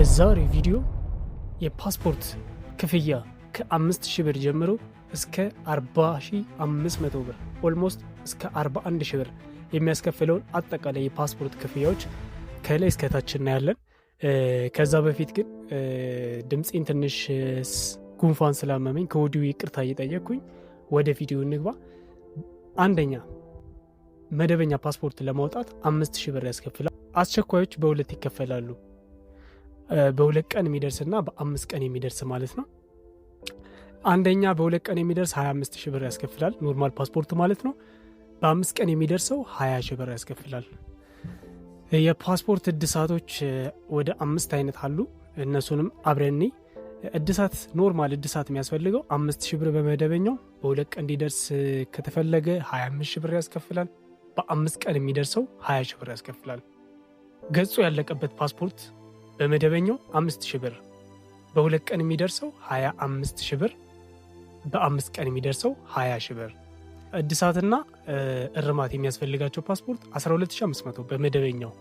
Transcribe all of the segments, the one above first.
በዛሬ ቪዲዮ የፓስፖርት ክፍያ ከ5000 ብር ጀምሮ እስከ 40500 ብር ኦልሞስት እስከ 41000 ብር የሚያስከፍለውን አጠቃላይ የፓስፖርት ክፍያዎች ከላይ እስከታች እናያለን። ከዛ በፊት ግን ድምፄን ትንሽ ጉንፋን ስላመመኝ ከወዲሁ ይቅርታ እየጠየቅኩኝ ወደ ቪዲዮ እንግባ። አንደኛ መደበኛ ፓስፖርት ለማውጣት 5000 ብር ያስከፍላል። አስቸኳዮች በሁለት ይከፈላሉ። በሁለት ቀን የሚደርስ ና በአምስት ቀን የሚደርስ ማለት ነው። አንደኛ በሁለት ቀን የሚደርስ 25 ሺህ ብር ያስከፍላል፣ ኖርማል ፓስፖርት ማለት ነው። በአምስት ቀን የሚደርሰው 20 ሺህ ብር ያስከፍላል። የፓስፖርት እድሳቶች ወደ አምስት አይነት አሉ። እነሱንም አብረኔ እድሳት ኖርማል እድሳት የሚያስፈልገው አምስት ሺህ ብር በመደበኛው በሁለት ቀን እንዲደርስ ከተፈለገ 25 ሺህ ብር ያስከፍላል። በአምስት ቀን የሚደርሰው 20 ሺህ ብር ያስከፍላል። ገጹ ያለቀበት ፓስፖርት በመደበኛው 5000 ብር፣ በሁለት ቀን የሚደርሰው 25000 ብር፣ በአምስት ቀን የሚደርሰው 20000 ብር። እድሳትና እርማት የሚያስፈልጋቸው ፓስፖርት 12500 በመደበኛው፣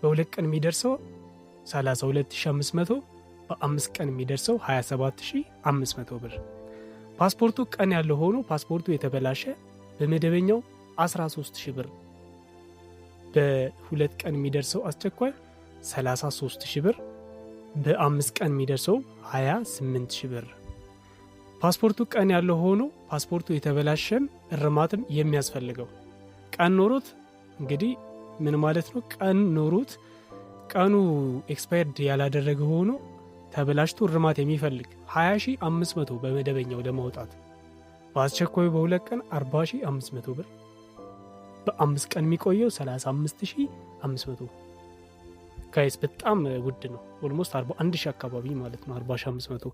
በሁለት ቀን የሚደርሰው 32500፣ በአምስት ቀን የሚደርሰው 27500 ብር። ፓስፖርቱ ቀን ያለው ሆኖ ፓስፖርቱ የተበላሸ በመደበኛው 13000 ብር፣ በሁለት ቀን የሚደርሰው አስቸኳይ 33000 ሺ ብር፣ በአምስት ቀን የሚደርሰው 28000 ብር። ፓስፖርቱ ቀን ያለው ሆኖ ፓስፖርቱ የተበላሸም እርማትም የሚያስፈልገው ቀን ኖሮት እንግዲህ ምን ማለት ነው? ቀን ኖሮት ቀኑ ኤክስፓየርድ ያላደረገ ሆኖ ተበላሽቶ እርማት የሚፈልግ 20500 በመደበኛው ለማውጣት በአስቸኳዩ በሁለት ቀን 40500 ብር፣ በአምስት ቀን የሚቆየው 35500 ጋይስ በጣም ውድ ነው። ኦልሞስት 41 ሺህ አካባቢ ማለት ነው 4500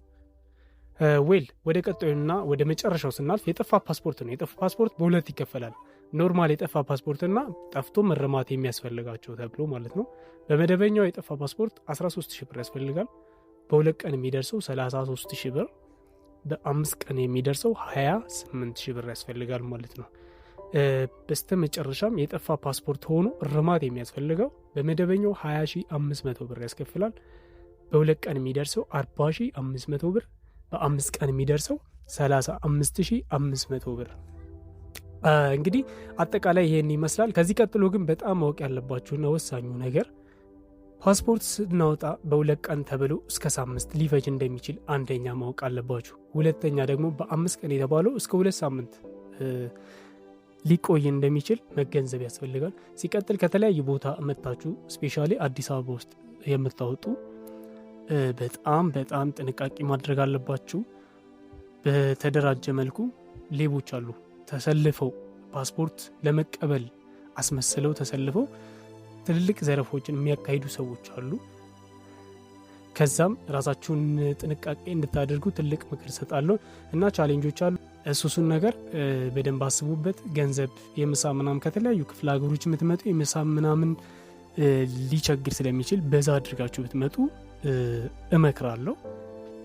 ዌል ወደ ቀጣዩና ወደ መጨረሻው ስናልፍ የጠፋ ፓስፖርት ነው። የጠፋ ፓስፖርት በሁለት ይከፈላል። ኖርማል የጠፋ ፓስፖርትና ጠፍቶ መረማት የሚያስፈልጋቸው ተብሎ ማለት ነው። በመደበኛው የጠፋ ፓስፖርት 13 ሺህ ብር ያስፈልጋል። በሁለት ቀን የሚደርሰው 33 ሺህ ብር፣ በአምስት ቀን የሚደርሰው 28 ሺህ ብር ያስፈልጋል ማለት ነው። በስተ መጨረሻም የጠፋ ፓስፖርት ሆኖ እርማት የሚያስፈልገው በመደበኛው 20500 ብር ያስከፍላል። በሁለት ቀን የሚደርሰው 40500 ብር፣ በአምስት ቀን የሚደርሰው 35500 ብር። እንግዲህ አጠቃላይ ይሄን ይመስላል። ከዚህ ቀጥሎ ግን በጣም ማወቅ ያለባችሁና ወሳኙ ነገር ፓስፖርት ስናወጣ በሁለት ቀን ተብሎ እስከ ሳምንት ሊፈጅ እንደሚችል አንደኛ ማወቅ አለባችሁ። ሁለተኛ ደግሞ በአምስት ቀን የተባለው እስከ ሁለት ሳምንት ሊቆይ እንደሚችል መገንዘብ ያስፈልጋል። ሲቀጥል ከተለያዩ ቦታ መጥታችሁ ስፔሻ አዲስ አበባ ውስጥ የምታወጡ በጣም በጣም ጥንቃቄ ማድረግ አለባችሁ። በተደራጀ መልኩ ሌቦች አሉ። ተሰልፈው ፓስፖርት ለመቀበል አስመስለው ተሰልፈው ትልልቅ ዘረፎችን የሚያካሂዱ ሰዎች አሉ። ከዛም ራሳችሁን ጥንቃቄ እንድታደርጉ ትልቅ ምክር ሰጣለሁ እና ቻሌንጆች አሉ። እሱሱን ነገር በደንብ አስቡበት። ገንዘብ የምሳ ምናምን ከተለያዩ ክፍለ ሀገሮች የምትመጡ የምሳ ምናምን ሊቸግር ስለሚችል በዛ አድርጋችሁ ብትመጡ እመክራለሁ።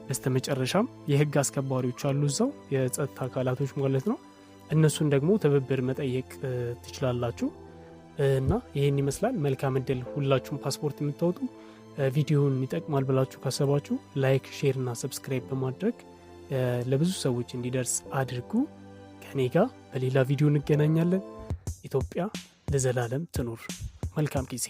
በስተ መጨረሻም የህግ አስከባሪዎች አሉ እዛው የጸጥታ አካላቶች ማለት ነው። እነሱን ደግሞ ትብብር መጠየቅ ትችላላችሁ። እና ይህን ይመስላል። መልካም እድል ሁላችሁም። ፓስፖርት የምታወጡ ቪዲዮን ይጠቅማል ብላችሁ ካሰባችሁ ላይክ፣ ሼር እና ሰብስክራይብ በማድረግ ለብዙ ሰዎች እንዲደርስ አድርጉ። ከእኔ ጋር በሌላ ቪዲዮ እንገናኛለን። ኢትዮጵያ ለዘላለም ትኑር። መልካም ጊዜ